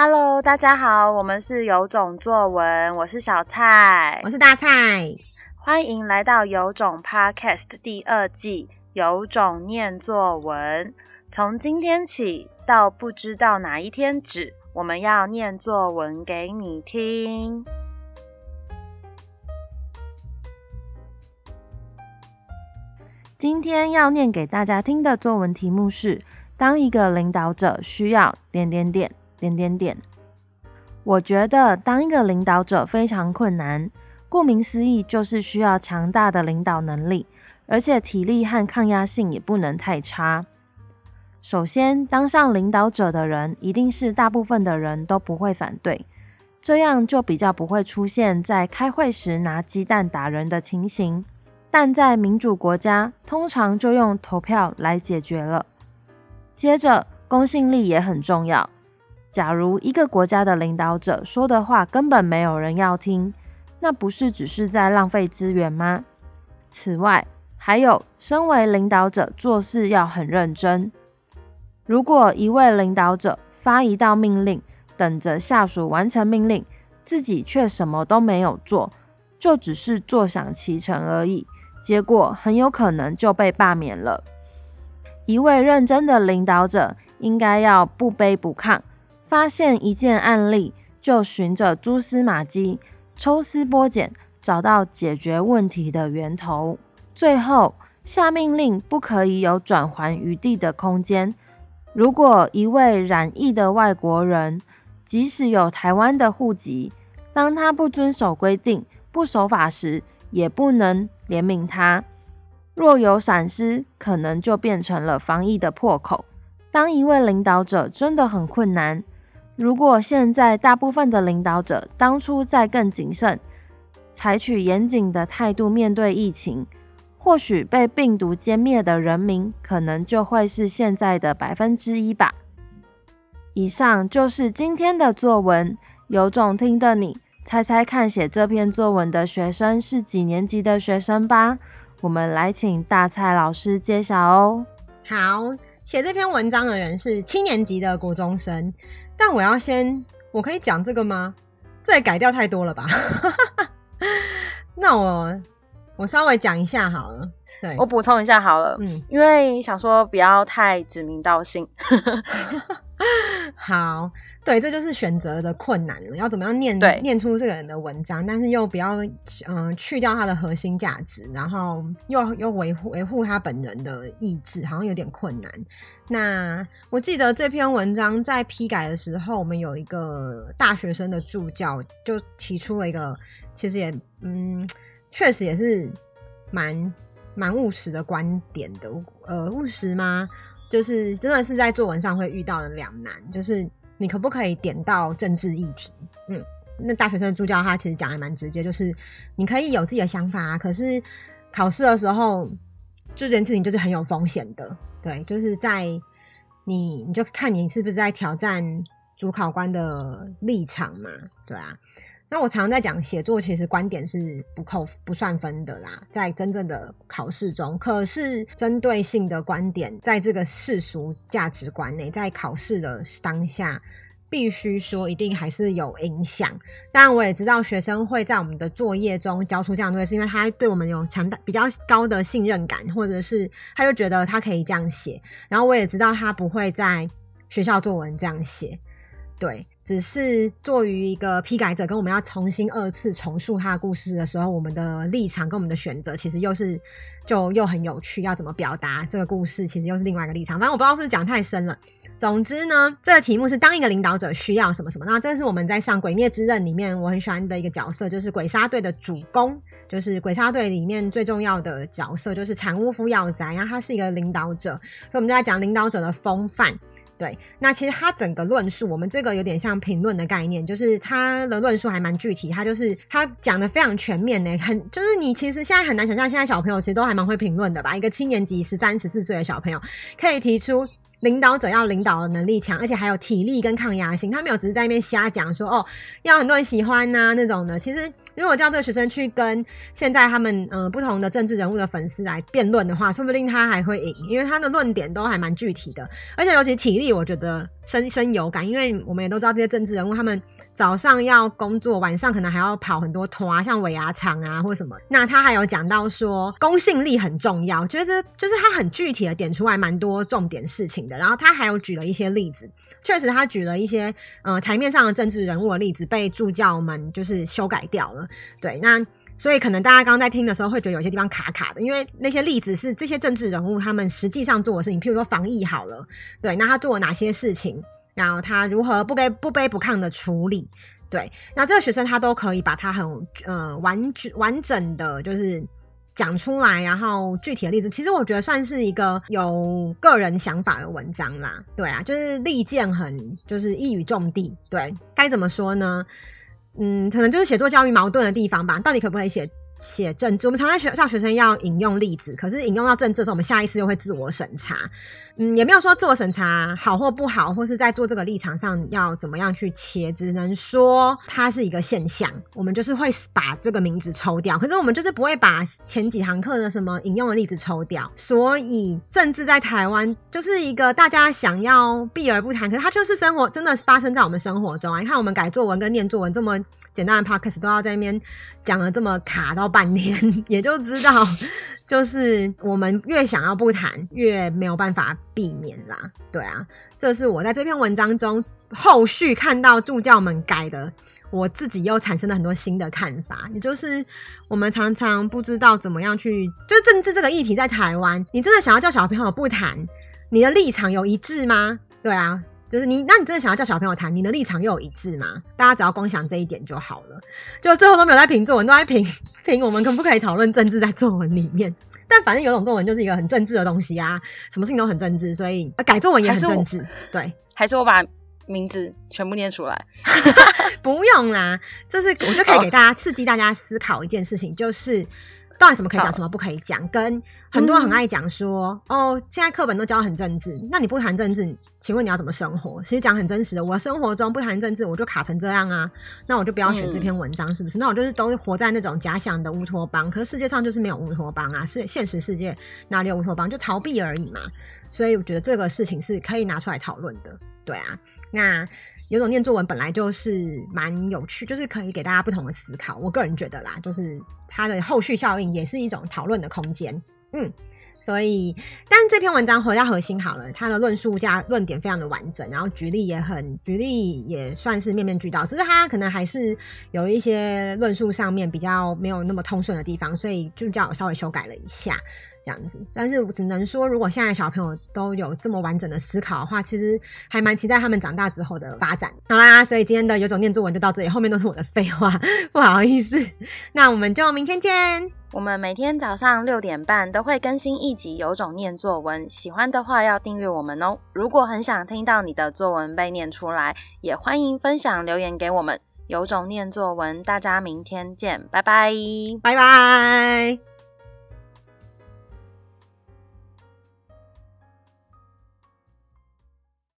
Hello，大家好，我們是有種作文，我是小蔡，我是大蔡，歡迎來到有種 Podcast 第二季，有種念作文，從今天起到不知道哪一天止，我們要念作文給你聽。今天要念給大家聽的作文題目是：當一個領導者需要點點點。點點點，我覺得當一個領導者非常困難。顧名思義，就是需要強大的領導能力，而且體力和抗壓性也不能太差。首先，當上領導者的人一定是大部分的人都不會反對，這樣就比較不會出現在開會時拿雞蛋打人的情形。但在民主國家，通常就用投票來解決了。接着，公信力也很重要。假如一個國家的領導者說的話根本沒有人要聽，那不是只是在浪費資源嗎？此外，還有身為領導者做事要很認真。如果一位領導者發一道命令，等着下屬完成命令，自己卻什麼都沒有做，就只是坐享其成而已，結果很有可能就被罷免了。一位認真的領導者應該要不卑不亢。發現一件案例，就循着蛛絲馬跡，抽絲剝繭，找到解決問題的源頭。最後下命令，不可以有轉圜餘地的空間。如果一位染疫的外國人，即使有台灣的戶籍，當他不遵守規定、不守法時，也不能憐憫他。若有閃失，可能就變成了防疫的破口。當一位領導者真的很困難。如果現在大部分的領導者當初再更謹慎，採取嚴謹的態度面對疫情，或許被病毒殲滅的人民可能就會是現在的百分之一吧。以上就是今天的作文。有種聽的你猜猜看，寫這篇作文的學生是幾年級的學生吧？我們來請大蔡老師揭曉哦。好，寫這篇文章的人是七年級的國中生。但我要先，我可以講這個嗎？這也改掉太多了吧？ 那我我稍微講一下好了，對，我補充一下好了，嗯，因為想說不要太指名道姓。 好，對，這就是選擇的困難了，要怎麼樣念對念出這個人的文章，但是又不要嗯、呃、去掉他的核心價值，然後又又維護維護他本人的意志，好像有點困難。那我記得這篇文章在批改的時候，我們有一個大學生的助教就提出了一個，其實也嗯，確實也是蠻蠻務實的觀點的，呃，務實嗎？就是真的是在作文上會遇到的兩難，就是你可不可以點到政治議題？嗯，那大學生的助教他其實講得還蠻直接，就是你可以有自己的想法啊，可是考試的時候這件事情就是很有風險的，對，就是在你你就看你是不是在挑戰主考官的立場嘛，對啊。那我常在講寫作，其實觀點是不扣不算分的啦，在真正的考試中，可是針對性的觀點，在這個世俗價值觀內，在考試的當下，必須說一定還是有影響。當然，我也知道學生會在我們的作業中交出這樣東西，是因為他對我們有強大、比較高的信任感，或者是他就覺得他可以這樣寫。然後我也知道他不會在學校作文這樣寫，對。只是作於一個批改者，跟我們要重新二次重述他的故事的時候，我們的立場跟我們的選擇，其實又是就又很有趣。要怎麼表達這個故事，其實又是另外一個立場。反正我不知道是不是講太深了。總之呢，這個題目是當一個領導者需要什麼什麼。那這是我們在上《鬼滅之刃》裡面，我很喜歡的一個角色，就是鬼殺隊的主公，就是鬼殺隊裡面最重要的角色，就是產屋敷耀哉。然後他是一個領導者，所以我們就在講領導者的風範。對，那其實他整個論述，我們這個有點像評論的概念，就是他的論述還蠻具體，他就是他講得非常全面呢，很就是你其實現在很難想象，現在小朋友其實都還蠻會評論的吧？一個七年級十三、十四歲的小朋友，可以提出領導者要領導的能力強，而且還有體力跟抗壓性，他沒有只是在那邊瞎講說哦要很多人喜歡吶、啊、那種的，其實。如果叫這個學生去跟現在他們嗯、呃、不同的政治人物的粉絲來辯論的話，說不定他還會贏，因為他的論點都還蠻具體的，而且尤其體力，我覺得深深有感，因為我們也都知道這些政治人物他們。早上要工作，晚上可能還要跑很多團啊，像尾牙場啊或什麼。那他還有講到說公信力很重要，我覺得就是他很具體的點出來蠻多重點事情的。然後他還有舉了一些例子，確實他舉了一些呃台面上的政治人物的例子，被助教們就是修改掉了。對，那所以可能大家剛剛在聽的時候會覺得有些地方卡卡的，因為那些例子是這些政治人物他們實際上做的事情，譬如說防疫好了，對，那他做了哪些事情？然後他如何不卑不卑不亢的處理？對，那這個學生他都可以把他很呃完完整的就是講出來，然後具體的例子，其實我覺得算是一個有個人想法的文章啦。對啊，就是利劍很就是一語中的。對，該怎麼說呢？嗯，可能就是寫作教育矛盾的地方吧。到底可不可以寫？寫政治，我們常在學校學生要引用例子，可是引用到政治的時候，我們下意識又會自我審查。嗯，也沒有說自我審查好或不好，或是在做這個立場上要怎麼樣去切，只能說它是一個現象。我們就是會把這個名字抽掉，可是我們就是不會把前幾堂課的什麼引用的例子抽掉。所以政治在台灣就是一個大家想要避而不談，可是它就是生活，真的是發生在我們生活中啊！你看我們改作文跟念作文這麼。簡單的 podcast 都要在那邊講了這麼卡到半天，也就知道，就是我們越想要不談，越沒有辦法避免啦。對啊，這是我在這篇文章中後續看到助教們改的，我自己又產生了很多新的看法。也就是我們常常不知道怎麼樣去，就政治這個議題在台灣，你真的想要叫小朋友不談，你的立場有一致嗎？對啊。就是你，那你真的想要叫小朋友談？你的立場又有一致嗎？大家只要光想這一點就好了。就最後都沒有在評作文，都在評評我們可不可以討論政治在作文裡面。但反正有種作文就是一個很政治的東西啊，什麼事情都很政治，所以呃改作文也很政治。對，還是我把名字全部念出來， 不用啦。就是我就可以給大家刺激大家思考一件事情，就是。到底什麼可以講，好什麼不可以講？跟很多人很愛講說，嗯、哦，現在課本都教得很政治，那你不談政治，請問你要怎麼生活？其實講很真實的，我的生活中不談政治，我就卡成這樣啊，那我就不要學這篇文章是不是？嗯、那我就是都活在那種假想的烏托邦，可是世界上就是沒有烏托邦啊，是現實世界哪裡有烏托邦，就逃避而已嘛。所以我覺得這個事情是可以拿出來討論的，對啊，那。有種念作文本來就是蠻有趣，就是可以給大家不同的思考。我個人覺得啦，就是它的後續效應也是一種討論的空間。嗯，所以，但這篇文章回到核心好了，它的論述加論點非常的完整，然後舉例也很，舉例也算是面面俱到。只是它可能還是有一些論述上面比較沒有那麼通順的地方，所以就叫我稍微修改了一下。這樣子，但是我只能說，如果現在小朋友都有這麼完整的思考的話，其實還蠻期待他們長大之後的發展。好啦，所以今天的有種念作文就到這裡，後面都是我的廢話，不好意思。那我們就明天見。我們每天早上六點半都會更新一集有種念作文，喜歡的話要訂閱我們哦。如果很想聽到你的作文被念出來，也歡迎分享留言給我們。有種念作文，大家明天見，拜拜，拜拜。